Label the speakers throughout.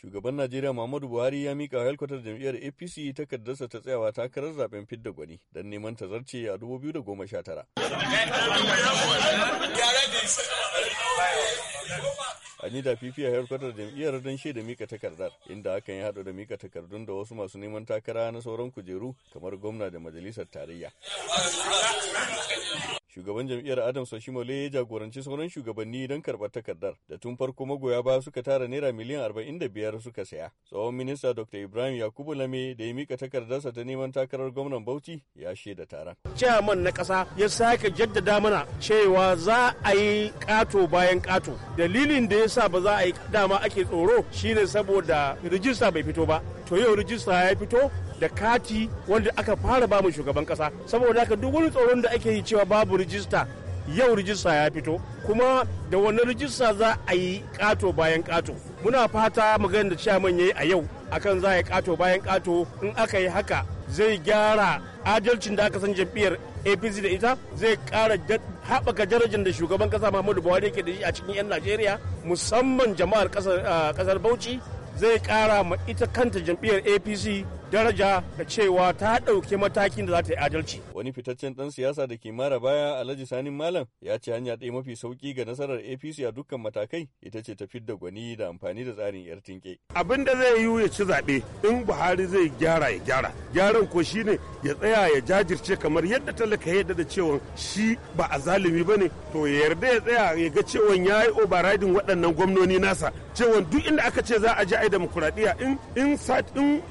Speaker 1: Shugaban Najeriya Muhammadu Buhari ya mika yarkwatar jam'iyyar APC takardarsa ta tsayawa takarar zaben fidda gwani don neman ta zarce a 2019. an yi dafifi a harkar jam'iyyar don shaida mika takardar inda hakan ya haɗu da mika takardun da wasu masu neman takara na sauran kujeru kamar gwamna da majalisar tarayya Shugaban jam'iyyar Adams Oshimole ya jagoranci sauran shugabanni don karɓar takardar da tun farko magoya ba suka tara naira miliyan 45 suka saya. Tsohon minista Dr. Ibrahim Yakubu Lame da ya mika takardarsa ta neman takarar gwamnan Bauchi ya shaida taron. Chairman na ƙasa ya sake jaddada mana cewa za
Speaker 2: a yi ƙato bayan ƙato. Dalilin da ya sa ba za a yi dama ake tsoro shine saboda rijista bai fito ba. to yau rijista ya fito da kati wanda aka fara ba mu shugaban kasa saboda haka duk wani tsoron da ake yi cewa babu rijista yau rijista ya fito kuma da wani rijista za a yi kato bayan kato muna fata maganar da ya yayi a yau akan za a yi kato bayan kato in aka yi haka zai gyara adalcin da aka san jam'iyyar apc da ita zai kara haɓaka darajar da shugaban kasa muhammadu buhari yake da shi a cikin 'yan najeriya musamman jama'ar kasar ah, bauchi
Speaker 1: zai kara ma ita kanta jam'iyyar apc daraja da cewa ta ɗauki matakin da za ta yi adalci. Wani fitaccen ɗan siyasa da ke mara baya Alhaji sanin Malam ya ce hanya ɗaya mafi sauƙi ga nasarar APC a dukkan matakai ita ce ta da gwani da amfani da tsarin 'yar tinke.
Speaker 3: Abin da zai yiwu ya ci zaɓe in Buhari zai gyara ya gyara. gyaran ko shi ne ya tsaya ya jajirce kamar yadda talaka yadda da cewa shi ba a zalimi ba ne to ya yarda ya tsaya ya ga cewa ya yi overriding waɗannan gwamnoni nasa cewa duk inda aka ce za a ji ai demokuraɗiyya in in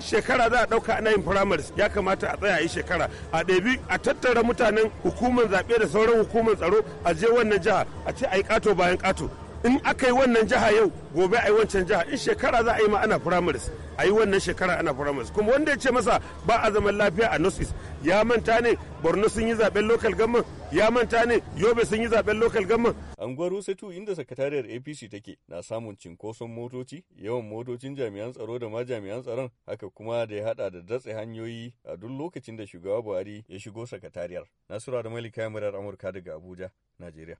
Speaker 3: shekara za a ɗauka ana yin primaries ya kamata a tsaya yi shekara a ɗabi a tattara mutanen hukumar zaɓe da sauran hukumar tsaro a je wannan jiha a ce a yi ƙato bayan ƙato in aka yi wannan jiha yau gobe a yi wancan jiha in shekara za a yi ma ana a yi wannan shekara ana firamaris kuma wanda ya ce masa ba a zaman lafiya a nosis
Speaker 1: ya manta ne borno sun yi zaben lokal
Speaker 3: gamman ya manta ne yobe sun yi zaben local gamman.
Speaker 1: anguwar rusatu inda sakatariyar apc take na samun cinkoson motoci yawan motocin jami'an tsaro da ma jami'an tsaron haka kuma da ya hada da datse hanyoyi a duk lokacin da shugaba buhari ya shigo sakatariyar nasura da malika murar amurka daga abuja najeriya